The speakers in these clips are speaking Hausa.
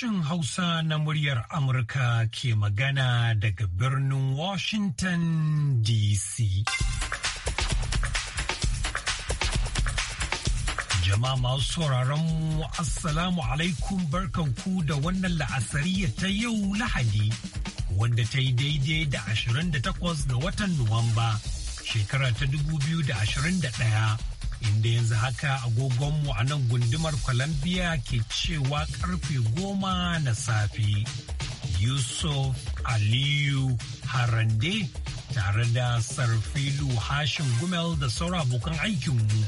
sashen Hausa na muryar Amurka ke magana daga birnin Washington DC. Jama'a masu sauraron mu Assalamu alaikum barkanku da wannan la'asariya ta yau Lahadi, wanda ta yi daidai da 28 ga watan Nuwamba, shekara ta 2021. inda yanzu haka agogonmu a nan gundumar Columbia ke cewa karfe goma na safi Yusuf Aliyu Harande tare da Sarfilu Hashim Gumel da saura abokan aikinmu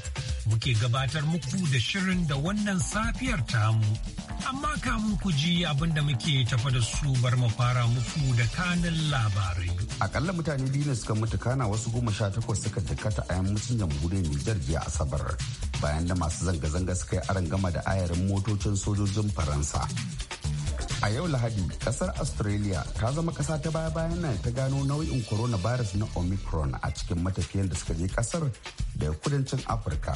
muke gabatar muku da shirin da wannan safiyar tamu. Amma kamun ku ji abinda muke tafa da su bar mu fara muku da kanin labarai. Akalla mutane biyu ne suka mutu kana wasu goma sha takwas suka dakata a yammacin jamhuriyar Nijar jiya Asabar bayan da masu zanga-zanga suka yi gama da ayarin motocin sojojin Faransa. a yau lahadi kasar australia ta zama kasa ta baya bayan nan ta gano nau'in coronavirus na omicron a cikin matafiyan da suka je kasar da kudancin afirka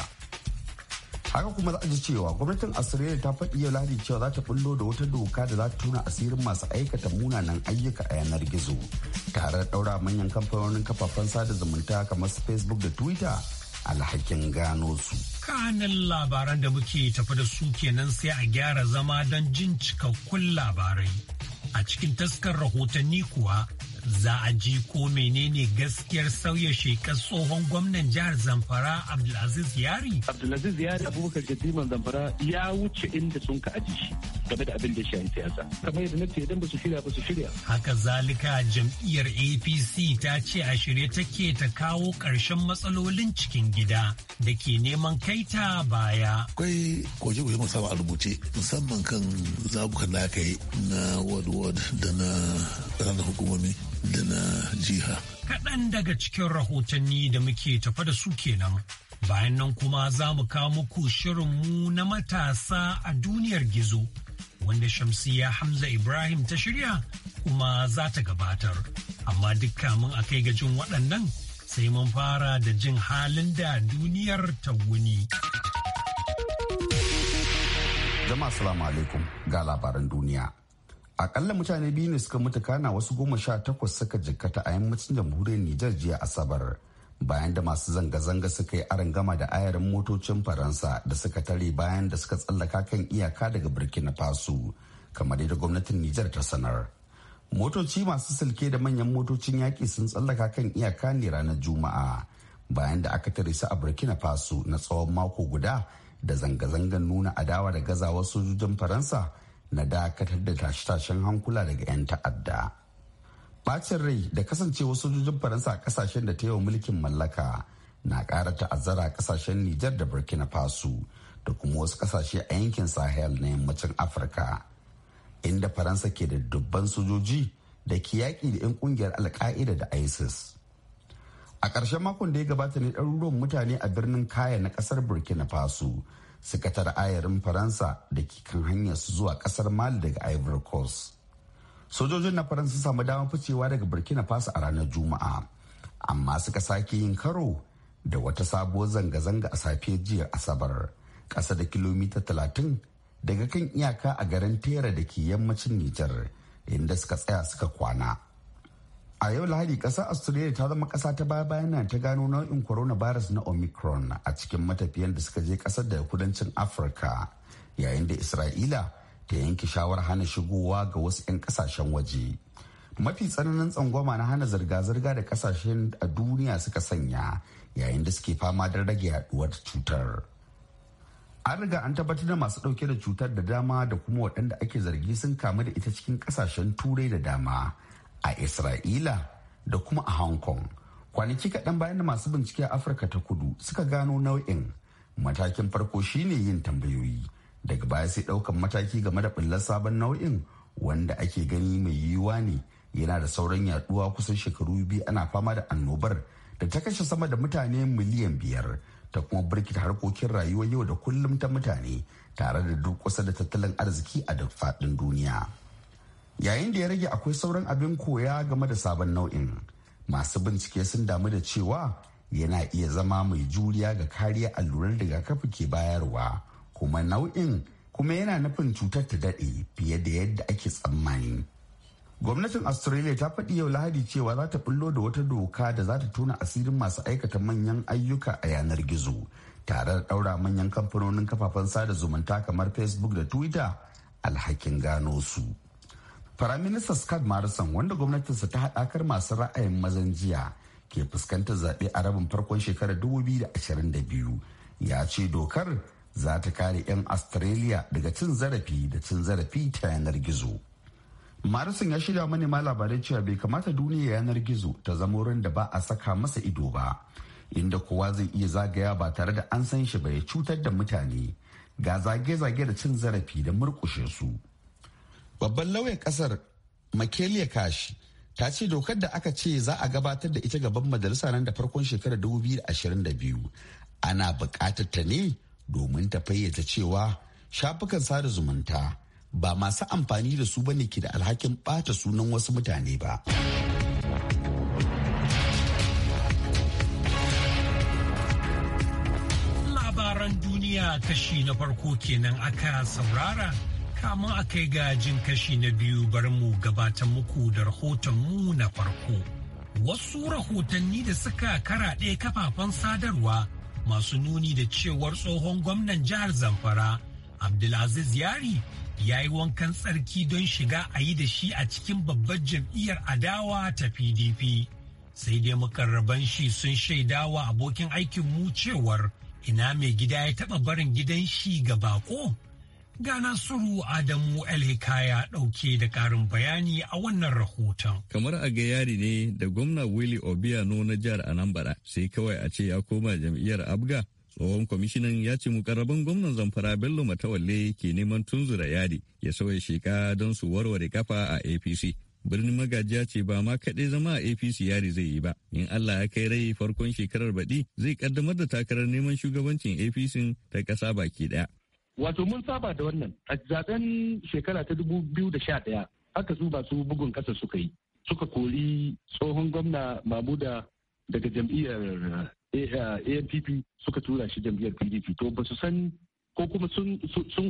haka kuma za a ji cewa gwamnatin australia ta faɗi yau lahadi cewa za ta bullo da wata doka da za ta tuna asirin masu aikata munanan ayyuka a yanar gizo tare da ɗaura manyan kamfanonin kafafen sada zumunta kamar facebook da twitter alhakin gano su. Kanin labaran da muke tafi da su kenan sai a gyara zama don jin cikakkun labarai. A cikin taskar rahotanni kuwa za a ji ko menene gaskiyar sauya shekar tsohon gwamnan jihar zamfara abdulaziz yari abdulaziz yari abubakar jadiman zamfara ya wuce inda sun ka aji shi game da abin da shi siyasa kamar yadda na ce idan ba su shirya ba su shirya haka zalika jam'iyyar apc ta ce a shirye take ta kawo ƙarshen matsalolin cikin gida da ke neman kai ta baya akwai koje-koje musamman a rubuce musamman kan zabukan da aka yi na ward ward da na ranar hukumomi da na jiha. Kaɗan daga cikin rahotanni da muke tafa da su kenan. Bayan nan kuma za mu kawo muku shirinmu na matasa a duniyar gizo, wanda Shamsiya Hamza Ibrahim ta shirya kuma za ta gabatar. Amma dukka mun a kai gajin waɗannan sai mun fara da jin halin da duniyar ta wuni. Jama'a salamu alaikum ga labaran duniya. akalla mutane biyu ne suka mutu kana wasu goma sha takwas suka jikkata a yammacin jamhuriyar nijar jiya asabar bayan da masu zanga-zanga suka yi gama da ayarin motocin faransa da suka tare bayan da suka tsallaka kan iyaka daga burkina faso kamar yadda gwamnatin nijar ta sanar motoci masu silke da manyan motocin yaƙi sun tsallaka kan iyaka ne ranar juma'a bayan da aka tare su a burkina faso na tsawon mako guda da zanga-zangan nuna adawa da gazawar sojojin faransa na dakatar da tashe-tashen hankula daga 'yan ta'adda. Bacin rai da kasancewa sojojin Faransa a kasashen da ta yi wa mulkin mallaka na ƙara ta'azzara a kasashen Nijar da Burkina Faso da kuma wasu kasashe a yankin Sahel na yammacin Afirka. Inda Faransa ke da dubban sojoji da ke yaƙi da 'yan ƙungiyar Alƙa'ida da ISIS. A ƙarshen makon da ya gabata ne ɗaruruwan mutane a birnin Kaya na ƙasar Burkina Faso suka tara ayarin faransa da ke kan hanyar su zuwa kasar mali daga ivory coast sojojin na faransa samu damar ficewa daga burkina faso a ranar juma'a amma suka sake yin karo da wata sabuwar zanga-zanga a safiyar jiya asabar kasa da kilomita 30 daga kan iyaka a garin tera da ke yammacin nijar inda suka tsaya suka kwana a yau lahadi ƙasar australia ta zama ƙasa ta baya bayan nan ta gano nau'in coronavirus na omicron a cikin matafiyan da suka je ƙasar daga kudancin afirka yayin da isra'ila ta yanke shawarar hana shigowa ga wasu 'yan ƙasashen waje mafi tsananin tsangwama na hana zirga-zirga da kasashen a duniya suka sanya yayin da suke fama da rage yaduwar cutar an riga an tabbatar da masu dauke da cutar da dama da kuma waɗanda ake zargi sun kamu da ita cikin kasashen turai da dama a Isra'ila da kuma a Hong Kong. Kwanaki kaɗan bayan da masu bincike a Afirka ta kudu suka gano nau'in matakin farko shine yin tambayoyi daga baya sai ɗaukan mataki game da ɓullar sabon nau'in wanda ake gani mai yiwuwa ne yana da sauran yaduwa kusan shekaru biyu ana fama da annobar da ta kashe sama da mutane miliyan biyar ta kuma birkita harkokin rayuwar yau da kullum ta mutane tare da duk kusa da tattalin arziki a duk faɗin duniya. yayin da ya rage akwai sauran abin koya game da sabon nau'in masu bincike sun damu da cewa yana iya zama mai juriya ga kariya allurar rigakafi ke bayarwa kuma nau'in kuma yana nufin cutar ta daɗe fiye da yadda ake tsammani gwamnatin australia ta faɗi yau lahadi cewa za ta bullo da wata doka da za ta tona asirin masu aikata manyan ayyuka a yanar gizo tare da ɗaura manyan kamfanonin kafafen sada zumunta kamar facebook da twitter alhakin gano su. Firaminista Scott Morrison wanda gwamnatinsa ta haɗakar masu ra'ayin mazan jiya ke fuskantar zaɓe a rabin farkon shekarar 2022 ya ce dokar za ta kare 'yan Australia daga cin zarafi da cin zarafi ta yanar gizo. Morrison ya shirya manema labarai cewa bai kamata duniya yanar gizo ta zama wurin da ba a saka masa ido ba inda kowa zai iya zagaya ba tare da an san shi ba ya cutar da mutane ga zage-zage da cin zarafi da murkushe su. babban lauyan kasar makelia kash ta ce dokar da aka ce za a gabatar da ita gaban majalisa nan da farkon shekarar 2022 ana bukatar ta ne domin ta fayyace cewa shafukan sada zumunta ba masu amfani da su bane ke da alhakin bata sunan wasu mutane ba. Labaran duniya kashi na farko kenan aka saurara kamun a kai ga jin kashi na biyu barin mu gabata muku da rahoton mu na farko. Wasu rahotanni da suka kara ɗaya kafafen sadarwa masu nuni da cewar tsohon gwamnan jihar Zamfara, Abdulaziz Yari, ya yi wankan tsarki don shiga a yi da shi a cikin babbar jam'iyyar adawa ta PDP. Sai dai mukarraban shi sun shaidawa abokin aikin mu cewar ina mai gida ya taɓa barin gidan shi ga bako. Gana Suru Adamu Alhikaya ɗauke da ƙarin bayani a wannan rahoton. Kamar a yari ne da gwamna Willie Obiano na jihar Anambra sai kawai a ce ya koma jam'iyyar Abga. Tsohon kwamishinan ya ce mukarrabin gwamnan Zamfara Bello Matawalle ke neman tunzura yari ya sauya sheka don su warware kafa a APC. Birnin magajiya ce ba ma kaɗai zama a APC yari zai yi ba. In Allah ya kai rai farkon shekarar baɗi zai kaddamar da takarar neman shugabancin APC ta ƙasa baki ɗaya. wato mun saba da wannan a zaben shekara ta dubu biyu da sha ɗaya aka zuba su bugun kasa suka yi suka kori tsohon gwamna mamuda daga jam'iyyar eh, eh, ANPP suka tura shi jam'iyyar PDP to ba su san ko kuma sun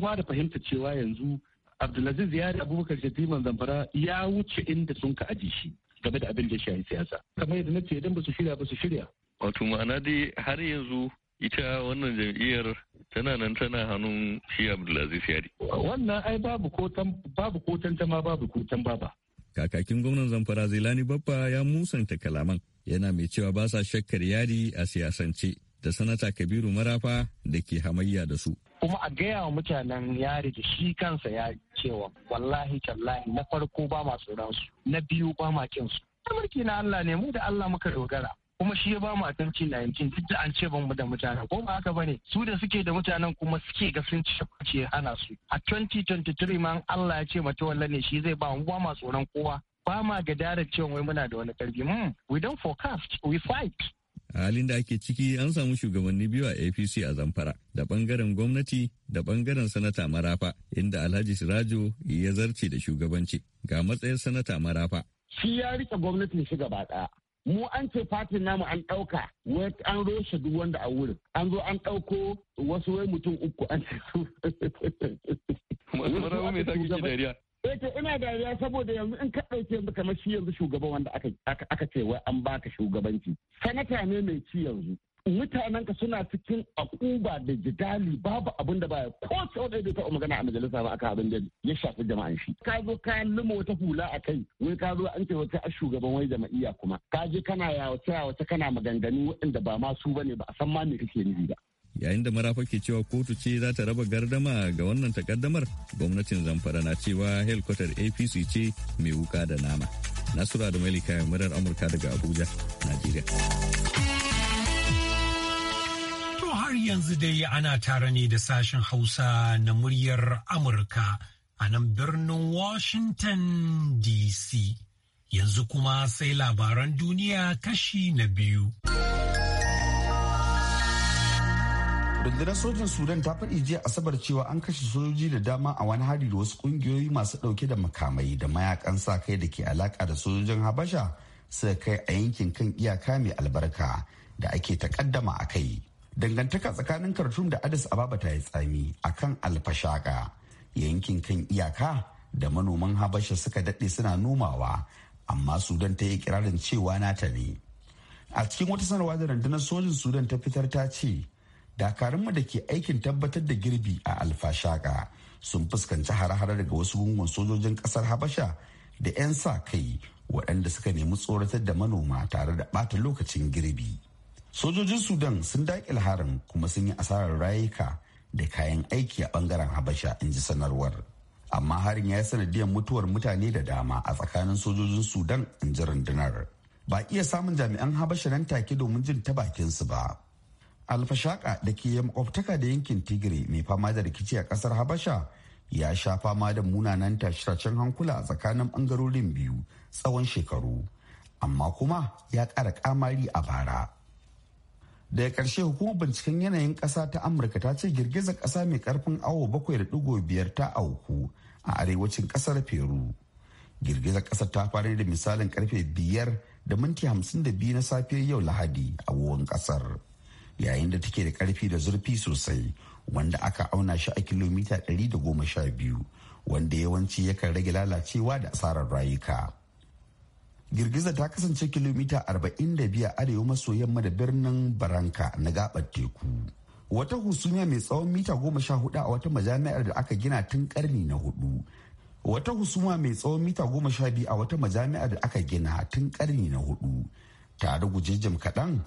fara fahimta cewa yanzu Abdulaziz Yari Abubakar Shatiman Zamfara ya wuce inda sun ka aji shi game da abin da ya shafi siyasa kamar yadda na ce idan ba su shirya ba su shirya wato ma'ana dai har yanzu ita wannan jam'iyyar tana nan tana hannun shi abdulaziz yari wannan ai babu kotan babu kotan ta ma babu kotan baba kakakin gwamnan zamfara zilani babba ya musanta kalaman yana mai cewa ba sa shakkar yari a siyasance da sanata kabiru marafa da ke hamayya da su kuma a gaya wa mutanen yari da shi kansa ya cewa wallahi tallahi na farko ba ma tsoron su na biyu ba ma kin su na Allah ne mu da Allah muka dogara kuma shi ya ba mu atanci 19 duk da an ce ban mu da mutane ko ba haka bane su da suke da mutanen kuma suke ga sun ce hana su a 2023 ma Allah ya ce mata wallan ne shi zai ba mu ba ma tsoron kowa ba ma gadara cewa wai muna da wani karfi hmm, we don't forecast we fight a halin da ake ciki an samu shugabanni biyu a apc a zamfara da bangaren gwamnati da bangaren sanata marafa inda alhaji sirajo ya zarce da shugabanci ga matsayin sanata marafa shi ya rike gwamnatin shi gaba daya mu an ce fatin namu an ɗauka wai an roshe duk wanda a wurin an zo an ɗauko wasu wai mutum uku an ce Ita eh ina dariya saboda yanzu in ka ɗauke yanzu kamar shi yanzu shugaban wanda aka ce wai an baka shugabanci. Sanata ne mai ci yanzu. ka suna cikin akuba da jidali babu abin da baya ko sau da ta magana a majalisa ba aka abin da ya shafi jama'an shi ka zo kayan lima wata hula a kai wai ka zo an ce wata a shugaban wai jama'iyya kuma ka je kana yawace wata kana maganganu waɗanda ba ma su bane ba a san ma me kake nufi ba yayin da marafa ke cewa kotu ce za ta raba gardama ga wannan takaddamar gwamnatin zamfara na cewa helkwatar apc ce mai wuka da nama nasura da malika murar amurka daga abuja najeriya har yanzu dai ana tare ne da sashen Hausa na muryar Amurka a nan birnin Washington DC. Yanzu kuma sai labaran duniya kashi na biyu. Rundunar sojin Sudan ta faɗi jiya Asabar cewa an kashe sojoji da dama a wani hari da wasu ƙungiyoyi masu ɗauke da makamai da mayakan sa kai da ke alaƙa da sojojin Habasha suka kai a yankin kan iyaka mai albarka da ake takaddama a kai. dangantaka tsakanin khartoum da addis ababa ta yi tsami a kan alfashaka yankin kan iyaka da manoman habasha suka daɗe suna nomawa amma sudan ta yi kirarin cewa nata ne a cikin wata sanarwa da rundunar sojin sudan ta fitar ta ce dakarunmu da ke aikin tabbatar da girbi a alfashaka sun fuskanci hare-hare daga wasu gungun sojojin kasar habasha da 'yan sa kai waɗanda suka nemi tsoratar da manoma tare da ɓata lokacin girbi sojojin sudan sun daƙil harin kuma sun yi asarar rayuka da kayan aiki a bangaren habasha in ji sanarwar amma harin ya yi sanadiyar mutuwar mutane da dama a tsakanin sojojin sudan in ji rundunar ba iya samun jami'an habasha nan take domin jin ta bakinsu ba alfashaka da ke makwabtaka da yankin tigiri mai fama da rikici a kasar habasha ya sha fama da munanan tashe hankula a tsakanin bangarorin biyu tsawon shekaru amma kuma ya ƙara ƙamari a bara daga ƙarshe hukumar binciken yanayin ƙasa ta amurka ta ce girgizar ƙasa mai ƙarfin awo bakwai da biyar ta auku a arewacin ƙasar peru girgizar ƙasar ta fara da misalin ƙarfe biyar da minti hamsin da biyu na safiyar yau lahadi a wuwan ƙasar yayin da take da ƙarfi da zurfi sosai wanda aka auna shi a kilomita da 112 wanda yawanci yakan rage lalacewa da asarar rayuka. girgizar ta kasance kilomita 45 arewa maso yamma da birnin baranka na gabar teku wata husumiya mai tsawon mita goma sha hudu a wata majami'ar da aka gina tun karni na hudu wata husuma mai tsawon mita goma sha biyu a wata majami'ar da aka gina tun karni na hudu ta ruguje jim kaɗan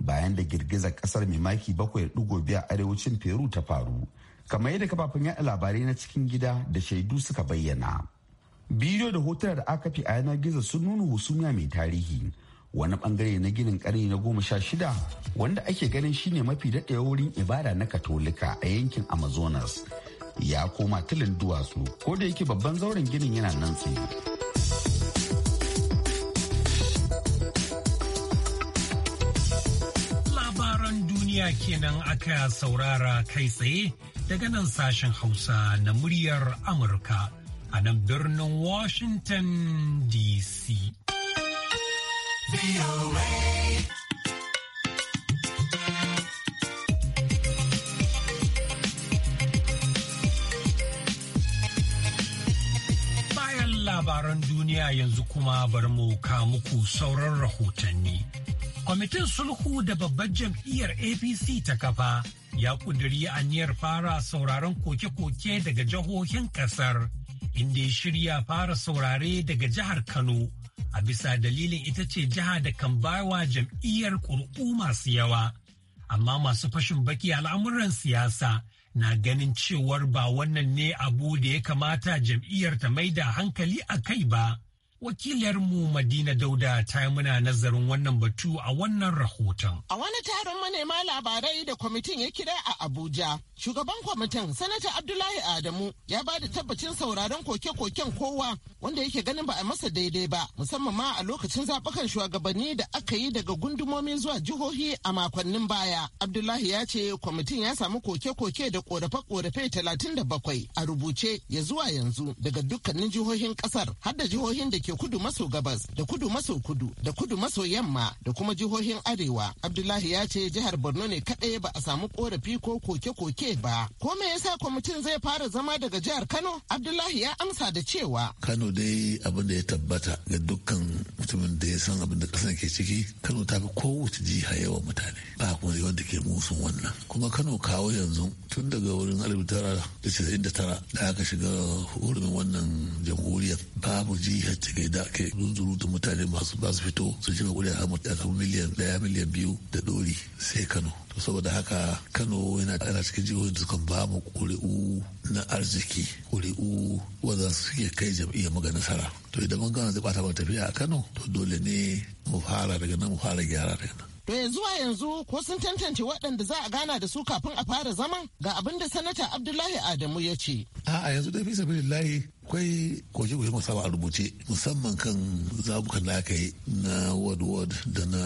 bayan da girgizar ƙasar mai maki bakwai ɗigo a arewacin peru ta faru kamar yadda kafafen yaɗa labarai na cikin gida da shaidu suka bayyana bidiyo da hotuna da aka fi a yanar gizo sun nuna husumiya mai tarihi wani bangare na ginin karni na goma sha shida wanda ake ganin shine mafi daɗewa wurin ibada na katolika a yankin amazonas ya koma tilin duwatsu ko da yake babban zauren ginin yana nan tsaye labaran duniya kenan aka saurara kai tsaye daga nan sashen hausa na muryar amurka a nan birnin Washington DC. Bayan labaran duniya yanzu kuma bari mu ka muku sauran rahotanni. Kwamitin sulhu da babbar jam'iyyar APC ta kafa ya kuduri aniyar fara sauraron koke-koke daga jihohin kasar inda ya shirya fara saurare daga jihar Kano. A bisa dalilin ita ce jiha da kan bawa jam'iyyar ƙuri'u masu yawa. Amma masu fashin baki al'amuran siyasa na ganin cewar ba wannan ne abu da ya kamata jam'iyyar ta maida hankali a kai ba. Wakilarmu Madina Dauda ta yi muna nazarin wannan batu a wannan rahoton. A wani taron manema labarai da kwamitin ya kira a Abuja, shugaban kwamitin Sanata Abdullahi Adamu ya ba da tabbacin sauraron koke-koken kowa wanda yake ganin ba a masa daidai ba, musamman ma a lokacin zaɓukan shugabanni da aka yi daga gundumomi zuwa jihohi a makonnin baya. Abdullahi ya ce kwamitin ya samu koke-koke da korafe-korafe talatin da bakwai a rubuce ya zuwa yanzu daga dukkanin jihohin ƙasar har da jihohin da ke kudu maso gabas da kudu maso kudu da kudu maso yamma da kuma jihohin arewa abdullahi ya ce jihar borno ne kadai ba a samu korafi ko koke-koke ba ko me yasa kwamitin zai fara zama daga jihar kano abdullahi ya amsa da cewa kano dai abin da ya tabbata ga dukkan mutumin da ya san abin da kasan ke ciki kano ta fi kowace jiha yawan mutane ba ke musu wannan kuma kano kawo yanzu tun daga wurin alif tara da casa'in da tara da aka shiga hurumin wannan jamhuriyar babu ta ke da ke zunzuru da mutane masu ba su fito su shiga kudin hamad da samu miliyan daya miliyan biyu da dori sai kano to saboda haka kano yana ana cikin jihohin da sukan ba mu ƙuri'u na arziki ƙuri'u wanda suke kai jam'iyyar mu ga nasara to idan mun gana zai bata ba tafiya a kano to dole ne mu fara daga nan mu fara gyara daga nan da eh, zuwa yanzu ko sun tantance waɗanda za a gana da su kafin a fara zaman ga abin da sanata abdullahi adamu ya ce a'a yanzu dai bin sabilillahi akwai koji koje musamman a rubuce musamman kan zabukan da aka yi na ward ward da na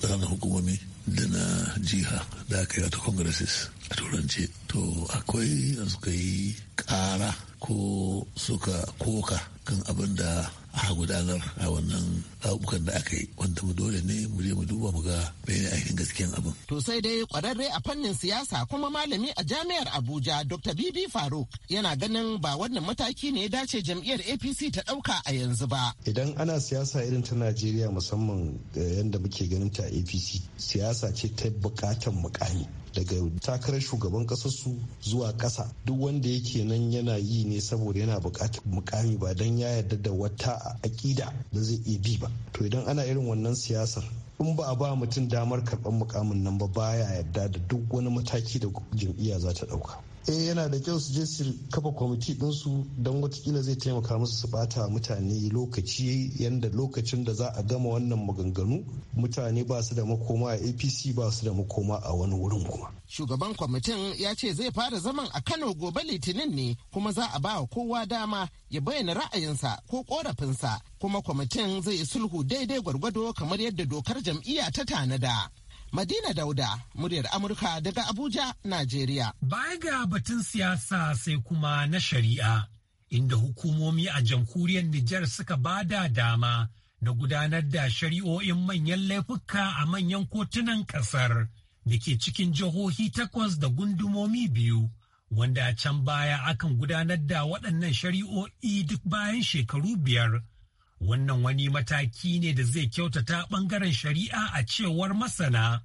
ƙananan hukumomi da na jiha da aka yi wata congresses a turance to akwai suka yi ƙara ko suka koka kan abin da a gudanar a wannan zaɓukan da aka yi wanda mu dole ne mu je mu duba mu ga bayan ainihin gaskiyan abin. To sai dai kwararre a fannin siyasa kuma malami a jami'ar Abuja Dr. Bibi Faruk yana ganin ba wannan mataki ne ya dace jam'iyyar APC ta ɗauka a yanzu ba. Idan ana siyasa irin ta Najeriya musamman eh, yadda muke ganin ta APC siyasa ce ta bukatan mukami. daga takarar shugaban kasarsu zuwa ƙasa duk wanda yake nan yana yi ne saboda yana buƙatar mukami ba don ya yarda da wata a aƙida da zai iya bi ba to idan ana irin wannan siyasar in ba a ba mutum damar karɓar mukamin nan ba baya yarda da duk wani mataki da jam'iyya za ta ɗauka eh yana da kyau su je su kafa kwamiti ɗinsu don watakila zai taimaka musu su bata mutane lokaci yadda lokacin da za a gama wannan maganganu mutane ba su da makoma a apc ba su da makoma a wani wurin kuma shugaban kwamitin ya ce zai fara zaman a kano gobe litinin ne kuma za a ba wa kowa dama ya bayyana ra'ayinsa ko korafinsa kuma kwamitin zai sulhu daidai gwargwado kamar yadda dokar jam'iyya ta tanada Madina Dauda, muryar Amurka daga Abuja, Najeriya. Baya ga batun siyasa sai kuma na shari'a, inda hukumomi a jamhuriyar Nijar suka ba da dama na gudanar da shari'o'in manyan laifuka a manyan kotunan ƙasar da ke cikin jihohi takwas da gundumomi biyu, wanda a can baya akan gudanar da waɗannan shari'o'i duk bayan shekaru biyar Wannan wani mataki ne da zai kyautata ɓangaren shari'a a cewar masana.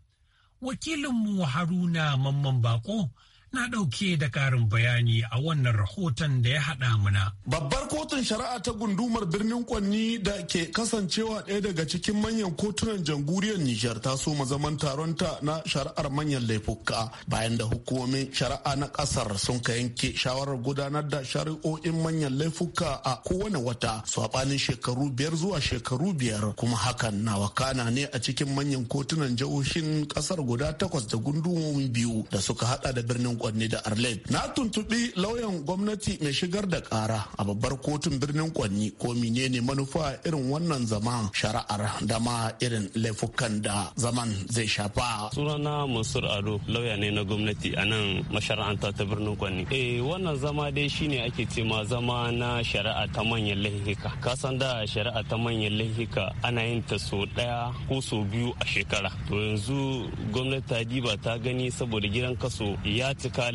Wakilinmu Haruna Mamman Bako na ɗauke da karin bayani a wannan rahoton da ya haɗa muna. Babbar kotun shari'a ta gundumar birnin Kwanni da ke kasancewa ɗaya daga cikin manyan kotunan jamhuriyar Nijar ta so zaman taron ta na shari'ar manyan laifuka bayan da hukumomin shari'a na ƙasar sun ka yanke shawarar gudanar da shari'o'in manyan laifuka a kowane wata saɓanin shekaru biyar zuwa shekaru biyar kuma hakan na wakana ne a cikin manyan kotunan jihohin ƙasar guda takwas da gundumomi biyu da suka haɗa da birnin kwanne da Arlet. Na tuntubi lauyan gwamnati mai shigar da ƙara a babbar kotun birnin Kwanni ko ne manufa irin wannan zaman shari'ar da ma irin laifukan da zaman zai shafa. Sunana Mansur Ado lauya ne na gwamnati a nan mashara'anta ta birnin Kwanni. Eh wannan zama dai shine ake ce ma zama na shari'a ta manyan Ka Kasan da shari'a ta manyan laifuka ana yin ta so ɗaya ko so biyu a shekara. To yanzu gwamnati ta diba ta gani saboda gidan kaso ya ci ka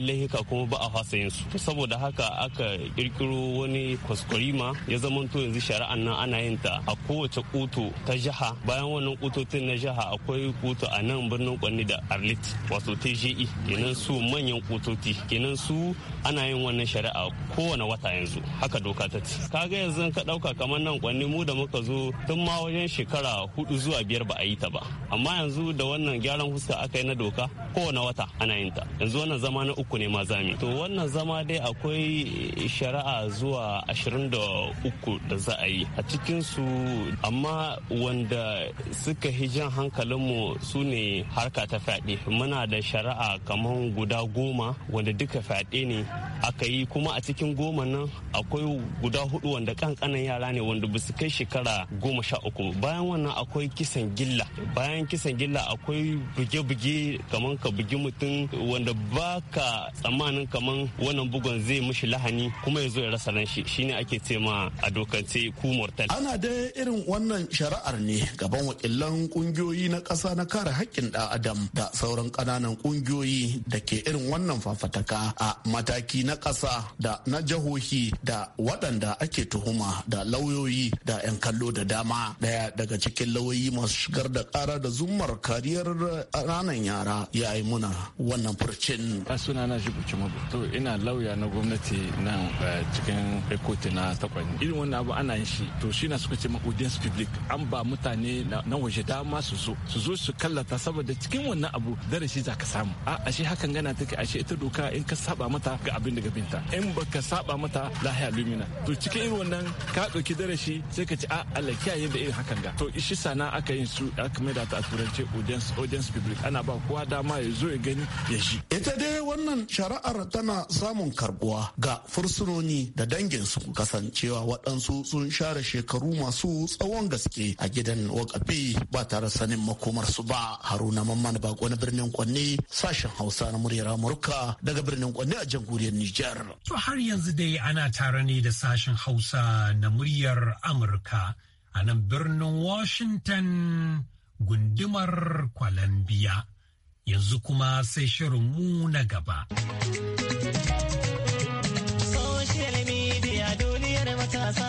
lahika kuma ba a fasa yin su saboda haka aka kirkiro wani kwaskwarima ya zama to yanzu shari'an nan ana yin ta a kowace kutu ta jiha bayan wannan kutotin na jiha akwai kutu a nan birnin kwanni da arlit wato tje kenan su manyan kutoti kenan su ana yin wannan shari'a kowane wata yanzu haka doka ta ce kaga yanzu ka dauka kamar nan kwanni mu da muka zo tun ma wajen shekara hudu zuwa biyar ba a yi ta ba amma yanzu da wannan gyaran huska aka yi na doka kowane wata ana yin ta yanzu wannan zama na uku ne ma zami to wannan zama dai akwai shari'a zuwa ashirin da uku da za a yi a cikinsu amma wanda suka hijan hankalinmu su ne harka ta fyaɗe muna da shari'a kamar guda goma wanda duka fyaɗe ne aka yi kuma a cikin goma nan akwai guda hudu wanda kankanan yara ne wanda ba su kai shekara goma sha uku bayan wannan akwai kisan gilla bayan kisan gilla akwai buge-buge kamar ka bugi mutum wanda wanda ba ka tsammanin kamar wannan bugun zai mushi lahani kuma ya zo ya rasa ran shi shine ake ce ma a dokance ku mortal ana da irin wannan shari'ar ne gaban wakilan kungiyoyi na ƙasa na kare haƙƙin ɗan adam da sauran ƙananan kungiyoyi da ke irin wannan fafataka a mataki na ƙasa da na jihohi da waɗanda ake tuhuma da lauyoyi da 'yan kallo da dama ɗaya daga cikin lauyoyi masu shigar da ƙara da zumar kariyar ƙananan yara ya yi muna wannan furci cin. A suna na shi To ina lauya na gwamnati nan eh, cikin ekoti na takwani. Irin wannan abu ana yin shi. To shi na suka ce ma audience public an ba mutane na waje dama su zo. Su zo su kallata saboda cikin wannan abu darasi za ka samu. A ashe hakan gana take ashe ita doka in ka saba mata ga abin daga binta. In baka saba mata lahiya lumina. To cikin irin wannan ka ɗauki darasi sai ka ce a Allah kiyaye da irin hakan ga. To shi sana aka yin su aka da ta a turance audience public ana ba kowa dama ya zo ya gani ya ji. ita dai wannan shari'ar tana samun karbuwa ga fursunoni da danginsu kasancewa waɗansu sun share shekaru masu tsawon gaske a gidan wakafi ba tare sanin makomarsu ba haruna mamman bako na birnin kwanne sashen hausa na muryar amurka daga birnin kwanne a jamhuriyar nijar to har yanzu dai ana tare ne da sashen hausa na muryar amurka a nan birnin washington gundumar columbia yanzu kuma sai shirin mu na gaba. Social media duniyar matasa,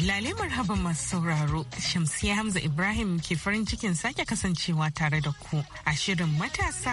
Lale marhaba masu sauraro, Shamsiya Hamza Ibrahim ke farin cikin sake kasancewa tare da ku a shirin matasa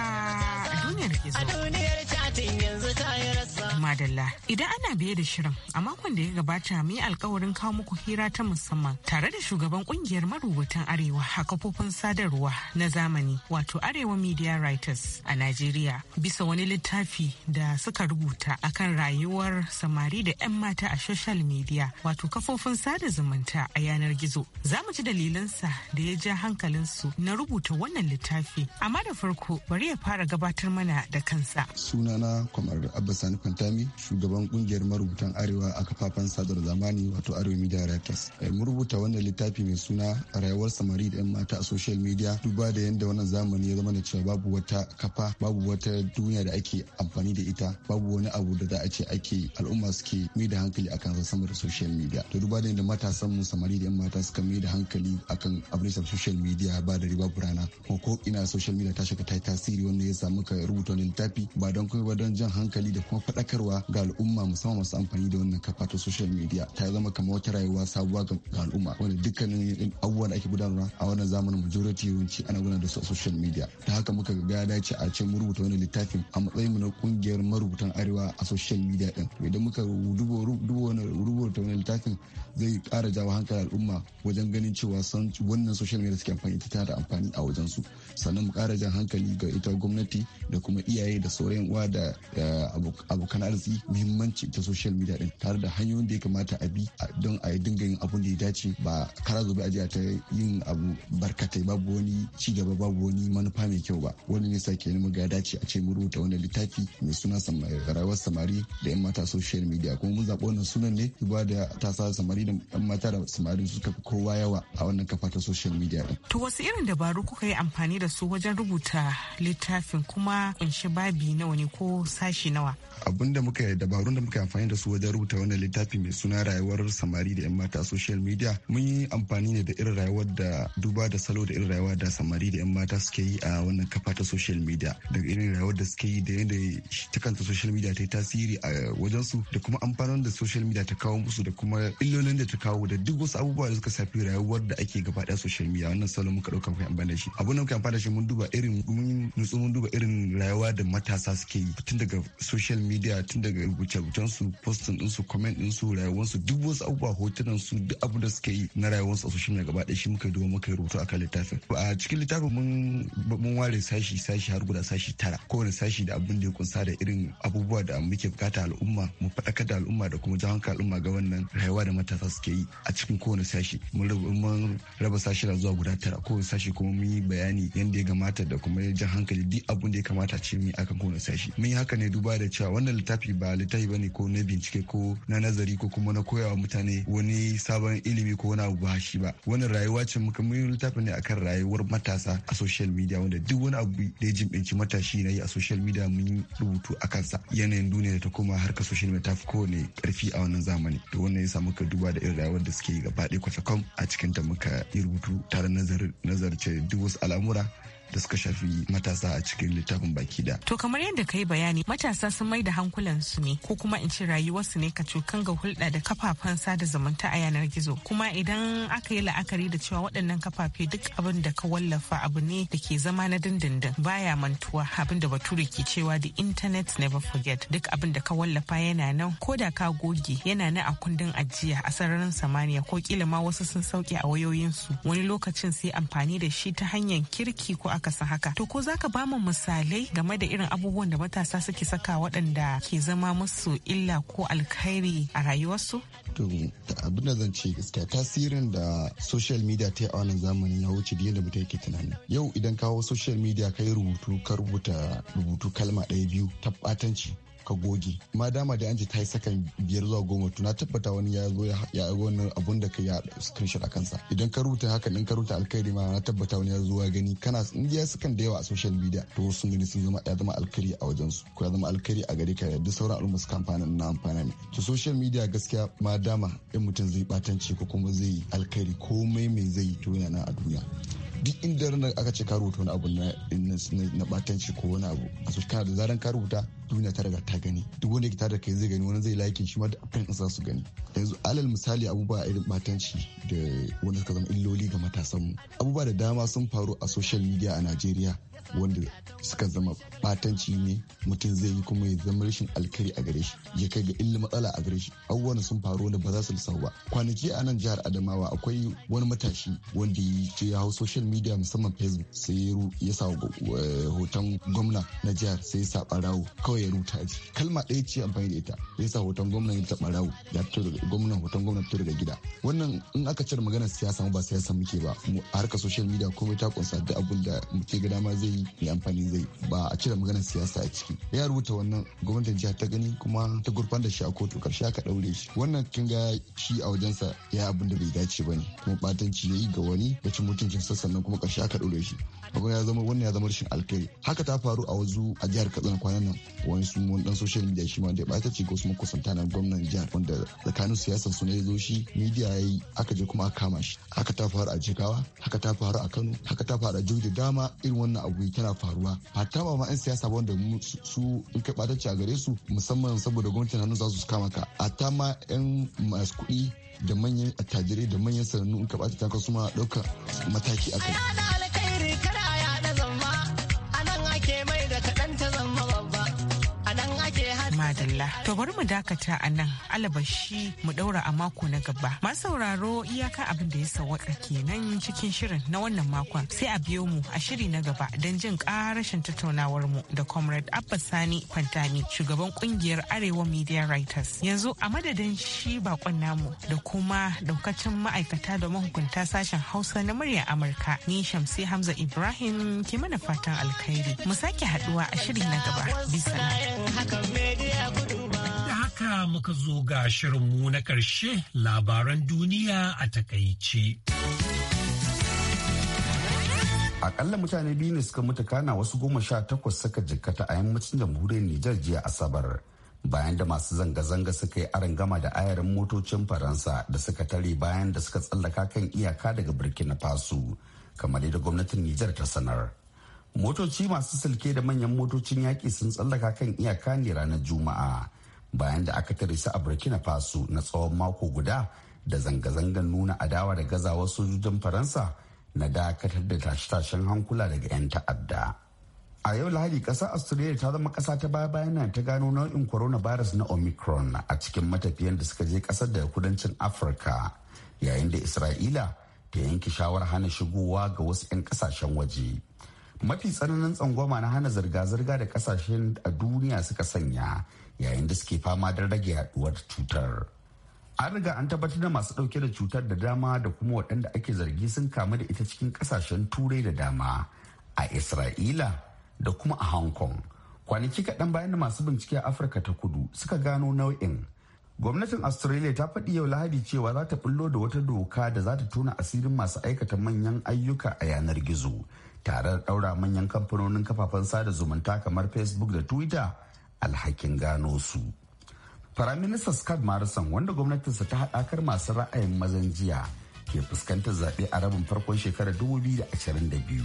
a duniyar gizo. A duniyar yanzu ta yi rasa. Madalla. Idan ana biye da shirin a makon da ya gabata mu yi alkawarin kawo muku hira ta musamman tare da shugaban kungiyar marubutan Arewa a kafofin sadarwa na zamani wato Arewa Media Writers a Najeriya bisa wani littafi da suka rubuta akan rayuwar samari da 'yan mata a social media wato kafofin sada zumunta a yanar gizo. Za mu ji dalilansa da ya ja hankalinsu na rubuta wannan littafi. Amma da farko bari ya fara gabatar mana da kansa. Sunana Kwamar Abba Sani Sami shugaban kungiyar marubutan Arewa a kafafen sadar zamani wato Arewa Media Writers. Eh, mu rubuta wannan littafi mai suna rayuwar samari da 'yan mata a social media duba da yadda wannan zamani ya zama da cewa babu wata kafa babu wata duniya da ake amfani da ita babu wani abu da za a ce ake al'umma suke mai da hankali akan sa sama da social media to duba da yadda matasan mu samari da 'yan mata suka mai da hankali akan abin social media ba da riba burana ko ko ina social media ta shiga ta tasiri wanda ya samu ka rubuta wani littafi ba don kai ba don jan hankali da kuma faɗakar faɗakarwa ga al'umma musamman masu amfani da wannan kafa ta social media ta zama kamar wata rayuwa sabuwa ga al'umma wanda dukkanin abubuwan da ake gudanarwa a wannan zamanin majority yawanci ana gudanar da su a social media ta haka muka ga ya dace a ce mu rubuta wani littafin a matsayin mu na kungiyar marubutan arewa a social media din idan muka rubuta wani littafin zai kara jawo hankalin al'umma wajen ganin cewa san wannan social media suke amfani ta da amfani a wajen su sannan mu kara jan hankali ga ita gwamnati da kuma iyaye da sauran uwa da eh, abokan abokan arziki muhimmanci ta social media din tare da hanyoyin da ya kamata a bi don a yi dinga yin abun da ya dace ba kara zobe a ta yin abu barkatai babu wani ci gaba babu wani manufa mai kyau ba wani ne sake nemi ga dace a ce mu rubuta wani littafi mai suna rayuwar samari da yan mata social media kuma mun zaɓi wannan sunan ne ba da tasa samari da yan mata da samari suka fi kowa yawa a wannan kafa ta social media din. To wasu irin dabaru kuka yi amfani da su wajen rubuta littafin kuma kunshi babi nawa ne ko sashi nawa? abin da muka dabarun da muka amfani da su wajen rubuta wannan littafi mai suna rayuwar samari da 'yan mata a social media mun yi amfani ne da irin rayuwar da duba da salo da irin rayuwa da samari da 'yan mata suke yi a wannan kafa ta social media daga irin rayuwar da suke yi da yadda ta kanta social media ta yi tasiri a wajen su da kuma amfanin da social media ta kawo musu da kuma illolin da ta kawo da duk wasu abubuwa da suka shafi rayuwar da ake gaba daya social media wannan salo muka dauka mu amfani da shi abun da muka amfani da shi mun duba irin mun nutsu mun duba irin rayuwa da matasa suke yi tun daga social media tun daga rubuce-rubucen su postin din su comment din su rayuwar su duk wasu abubuwa hotunan su duk abu da suka yi na rayuwar su a social media gaba ɗaya shi muka duba muka rubutu akan littafin a cikin littafin mun mun ware sashi sashi har guda sashi tara kowane sashi da abin da ya kunsa da irin abubuwa da muke bukata al'umma mu faɗaka da al'umma da kuma ka al'umma ga wannan rayuwa da matasa suke yi a cikin kowane sashi mun raba sashi na zuwa guda tara kowane sashi kuma mun yi bayani yadda ya kamata da kuma jan hankali duk abin da ya kamata ce mu akan kowane sashi mun yi haka ne duba da cewa wannan littafi ba littafi bane ko na bincike ko na nazari ko kuma na koyawa mutane wani sabon ilimi ko wani abu ba shi ba wannan rayuwa ce muka mun littafi ne akan rayuwar matasa a social media wanda duk wani abu da ya jibinci matashi na yi a social media mun rubutu a kansa yanayin duniya da ta koma harkar social media ta kowane karfi a wannan zamani to wannan yasa muka duba da irin rayuwar da suke gaba ɗaya kwatakwam a cikin ta muka yi rubutu tare nazarce duk wasu al'amura da suka shafi matasa a cikin littafin baki da. To kamar yadda ka yi bayani matasa sun mai da hankulansu ne ko kuma in ce rayuwarsu ne ka cokan ga hulɗa da kafafen sada zumunta a yanar gizo kuma idan aka yi la'akari da cewa waɗannan kafafe duk abin da ka wallafa abu ne da ke zama na dindindin baya mantuwa abin da bature ke cewa the internet never forget duk abin da ka wallafa yana nan ko da ka goge yana na a kundin ajiya a sararin samaniya ko kila ma wasu sun sauke a wayoyinsu wani lokacin sai amfani da shi ta hanyar kirki ko san haka to ko zaka ba mu misalai game da irin abubuwan da matasa suke saka waɗanda ke zama musu illa ko alkhairi a rayuwarsu to abin da zan ce gaskiya tasirin da social media ta yi a wannan zamani na wuce da yadda mutum yake tunani yau idan kawo social media kai rubutu ka rubuta rubutu kalma ɗaya biyu ta ɓatanci. ka goge ma dama da anji ta yi sakan biyar zuwa goma tuna na tabbata wani ya zo ya wani abun da ka ya screenshot a kansa idan ka rubuta haka in ka rubuta alkhairi ma na tabbata wani ya zo ya gani kana in ya sukan da yawa a social media to sun gani sun zama ya zama alkhairi a wajen su ko ya zama alkhairi a gare ka da sauran al'umma suka amfana na amfana ne to social media gaskiya ma dama in mutum zai batanci ko kuma zai alkhairi komai mai zai to yana a duniya duk inda ranar aka ce ka rubuta wani abu na batanci ko wani abu a su kana da zaran ka rubuta duniya ta riga ta gani duk wanda ke da kai zai gani wani zai like shi ma da afirin isa su gani yanzu alal misali abubuwa irin batanci da wani suka zama illoli ga matasan mu abubuwa da dama sun faru a social media a Najeriya wanda suka zama batanci ne mutum zai yi kuma ya zama rashin alkari a gare shi ya kai ga illa matsala a gare shi abubuwan sun faru wanda ba za su lissafu ba kwanaki a nan jihar adamawa akwai wani matashi wanda ya ce ya hau social media musamman facebook sai ya sa eh, hoton gwamna na jihar sai ya sa barawo kawai ya ruta ji kalma ɗaya ce amfani da ita ya sa hoton gwamna ya taɓa rawo ya fito daga gwamna hoton gwamna fito daga gida wannan in aka cire maganar siyasa ba siyasa muke ba mu a harkar social media komai ta kunsa da abin da muke ga dama zai amfani mai amfani zai ba a cire maganar siyasa a ciki ya rubuta wannan gwamnatin jihar ta gani kuma ta gurfan da shi a kotu karshe aka daure shi wannan kin ga shi a sa ya abin da bai dace ba ne kuma batanci ya yi ga wani da cin mutuncin sassan nan kuma karshe aka daure shi abu ya zama wannan ya zama rashin alkhairi haka ta faru a wazu a jihar katsina kwanan nan wani su mun dan social media shi ma da ta ce ko su kusanta na gwamnan jihar wanda tsakanin siyasar su ne zo shi media yayi aka je kuma aka kama shi haka ta faru a jigawa haka ta faru a kano haka ta faru a jihar da dama irin wannan abu tana faruwa ta ba ma yan siyasa ba wanda su in bata ce a gare su musamman saboda gwamnatin hannu za su kama ka ta ma yan masu kuɗi da manyan attajirai da manyan sanannu in ka bata ta kasu ma ɗaukar mataki a kai. madalla. To bari mu dakata a nan alabashi mu daura a mako na gaba. Masu sauraro iyaka abin da ya sawaka kenan cikin shirin na wannan makon sai a biyo mu a shiri na gaba don jin karashin tattaunawar mu da Comrade abbas Sani Fantami shugaban kungiyar Arewa Media Writers. Yanzu a madadin shi bakon namu da kuma daukacin ma'aikata da mahukunta sashen Hausa na muryar Amurka ni Shamsi Hamza Ibrahim ke mana fatan alkhairi. Mu sake haduwa a shiri na gaba. Bisa. muka zo ga shirinmu na ƙarshe labaran duniya a takaice. Akalla mutane biyu ne suka mutu kana wasu goma sha takwas suka jikkata a yammacin jamhuriyar Nijar jiya Asabar. Bayan da masu zanga-zanga suka yi gama da ayarin motocin Faransa da suka tare bayan da suka tsallaka kan iyaka daga Burkina Faso, kamar yadda gwamnatin Nijar ta sanar. Motoci masu silke da manyan motocin yaƙi sun tsallaka kan iyaka ne ranar Juma'a. bayan da aka tare su a burkina faso na tsawon mako guda da zanga zangan nuna adawa da gazawa sojojin faransa na dakatar da tashe-tashen hankula daga 'yan ta'adda a yau lahadi ƙasar australia ta zama ƙasa ta baya bayan nan ta gano nau'in coronavirus na omicron a cikin matafiyan da suka je ƙasar da kudancin afirka yayin da isra'ila ta yanke shawarar hana shigowa ga wasu 'yan ƙasashen waje mafi tsananin tsangwama na hana zirga-zirga da kasashen a duniya suka sanya yayin da suke fama da rage yaduwar cutar an riga an tabbatar da masu dauke da cutar da dama da kuma waɗanda ake zargi sun kamu da ita cikin kasashen turai da dama a isra'ila da kuma a hong kong kwanaki kaɗan bayan da masu bincike a afirka ta kudu suka gano nau'in gwamnatin australia ta faɗi yau lahadi cewa za ta bullo da wata doka da za ta tona asirin masu aikata manyan ayyuka a yanar gizo tare da ɗaura manyan kamfanonin kafafen sada zumunta kamar facebook da twitter alhakin gano su firaminista scott morrison wanda gwamnatinsa ta haɗakar masu ra'ayin mazan jiya ke fuskantar zaɓe a rabin farkon shekarar 2022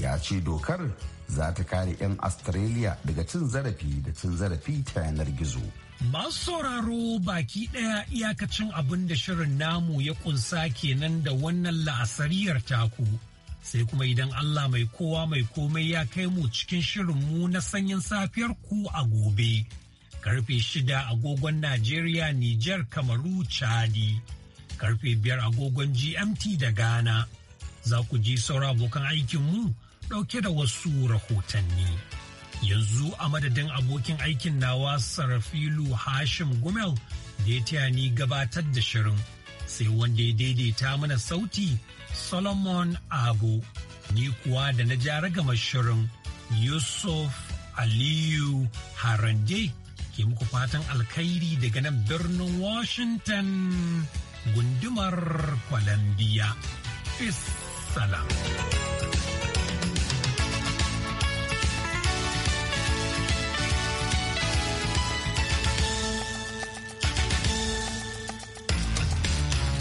ya ce dokar za ta kare 'yan australia daga cin zarafi da cin zarafi ta yanar gizo Masu sauraro baki ɗaya iyakacin abin da shirin namu ya kunsa kenan da wannan la'asariyar taku. sai kuma idan Allah mai kowa mai komai ya kai mu cikin shirin mu na sanyin safiyar ku a gobe. Karfe shida agogon Najeriya, Nijar, Kamaru, Chadi. Karfe biyar agogon GMT da Ghana. Za ku ji saura abokan aikinmu ɗauke da wasu rahotanni. Yanzu a madadin abokin aikin nawa Sarafilu Hashim Gumel da ya ni gabatar da shirin. sai wanda ya daidaita mana sauti Solomon Abu. Ni kuwa da na ja ragama shirin Yusuf Aliyu Harande ke muku fatan alkhairi daga nan birnin Washington gundumar Columbia. Peace. Salam.